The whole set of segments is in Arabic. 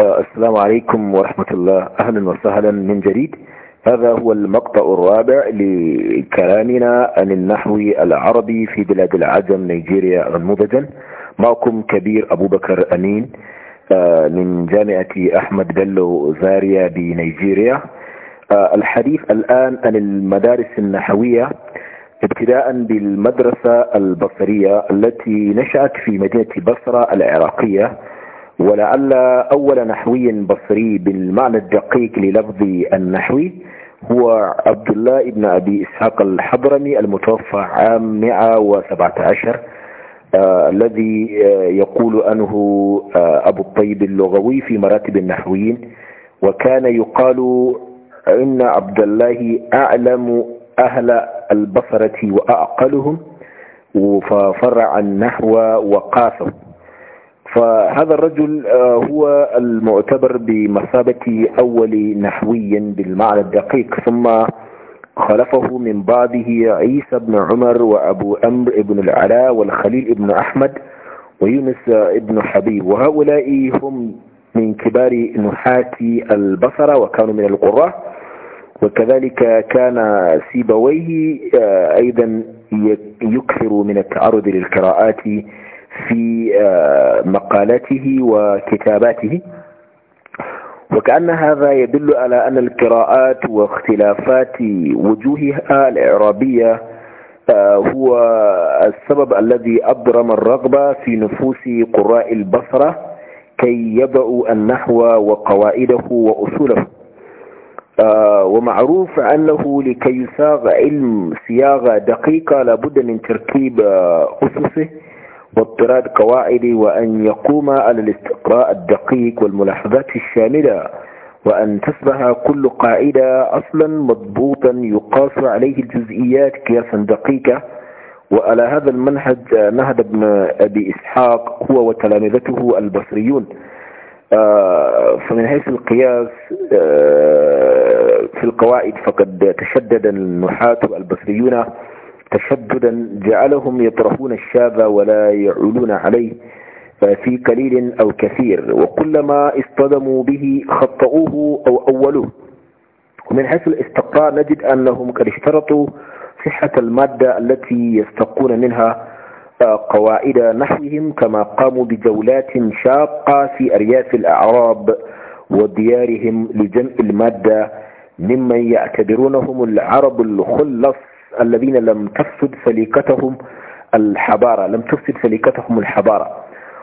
السلام عليكم ورحمة الله أهلا وسهلا من جديد هذا هو المقطع الرابع لكلامنا عن النحو العربي في بلاد العجم نيجيريا نموذجا معكم كبير أبو بكر أمين آه، من جامعة أحمد بلو زاريا بنيجيريا آه، الحديث الآن عن المدارس النحوية ابتداء بالمدرسة البصرية التي نشأت في مدينة بصرة العراقية ولعل أول نحوي بصري بالمعنى الدقيق للفظ النحوي هو عبد الله بن أبي إسحاق الحضرمي المتوفى عام 117 آه الذي آه يقول أنه آه أبو الطيب اللغوي في مراتب النحويين وكان يقال إن عبد الله أعلم أهل البصرة وأعقلهم ففرع النحو وقاسه فهذا الرجل آه، هو المعتبر بمثابة أول نحوي بالمعنى الدقيق ثم خلفه من بعده عيسى بن عمر وأبو أمر بن العلاء والخليل بن أحمد ويونس بن حبيب وهؤلاء هم من كبار نحاة البصرة وكانوا من القراء وكذلك كان سيبويه آه، أيضا يكثر من التعرض للقراءات في آه، مقالاته وكتاباته وكأن هذا يدل على أن القراءات واختلافات وجوهها الإعرابية آه، هو السبب الذي أبرم الرغبة في نفوس قراء البصرة كي يضعوا النحو وقوائده وأصوله آه، ومعروف أنه لكي يساغ علم صياغة دقيقة لابد من تركيب أسسه واضطراد قواعد وأن يقوم على الاستقراء الدقيق والملاحظات الشاملة وأن تصبح كل قاعدة أصلا مضبوطا يقاس عليه الجزئيات قياسا دقيقة وعلى هذا المنهج نهد ابن أبي إسحاق هو وتلامذته البصريون آه، فمن حيث القياس آه، في القواعد فقد تشدد النحاة البصريون تشددا جعلهم يطرحون الشاب ولا يعلون عليه في قليل أو كثير وكلما اصطدموا به خطأوه أو أولوه ومن حيث الاستقاء نجد أنهم قد اشترطوا صحة المادة التي يستقون منها آه، قواعد نحوهم كما قاموا بجولات شاقة في أرياف الأعراب وديارهم لجمع المادة ممن يعتبرونهم العرب الخلص الذين لم تفسد سليقتهم الحضارة لم تفسد سليقتهم الحضارة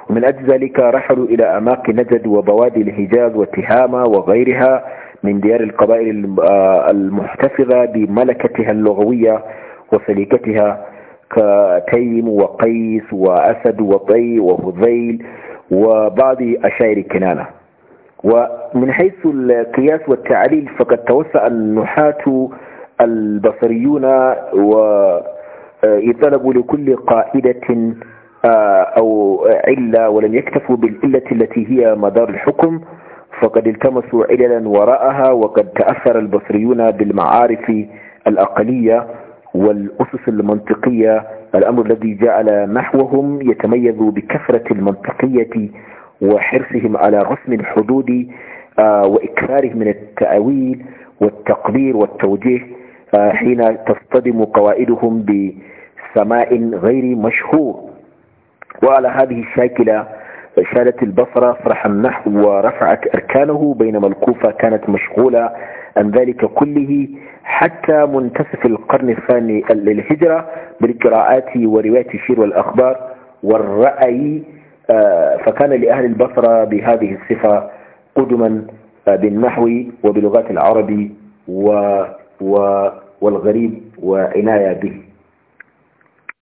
ومن أجل ذلك رحلوا إلى أماكن نجد وبوادي الحجاز وتهامة وغيرها من ديار القبائل آه، المحتفظة بملكتها اللغوية وسليقتها كتيم وقيس وأسد وطي وهذيل وبعض أشاعر كنانة ومن حيث القياس والتعليل فقد توسع النحاة البصريون وطلبوا آه، لكل قائدة آه، أو علة ولم يكتفوا بالعلة التي هي مدار الحكم فقد التمسوا عللا وراءها وقد تأثر البصريون بالمعارف الأقلية والأسس المنطقية الأمر الذي جعل نحوهم يتميز بكثرة المنطقية وحرصهم على رسم الحدود آه، وإكثارهم من التأويل والتقدير والتوجيه فحين تصطدم قوائدهم بسماء غير مشهور وعلى هذه الشاكلة شالت البصرة فرح النحو ورفعت أركانه بينما الكوفة كانت مشغولة عن ذلك كله حتى منتصف القرن الثاني للهجرة بالقراءات ورواية الشير والأخبار والرأي آه، فكان لأهل البصرة بهذه الصفة قدما بالنحو وبلغات العربي و والغريب وعناية به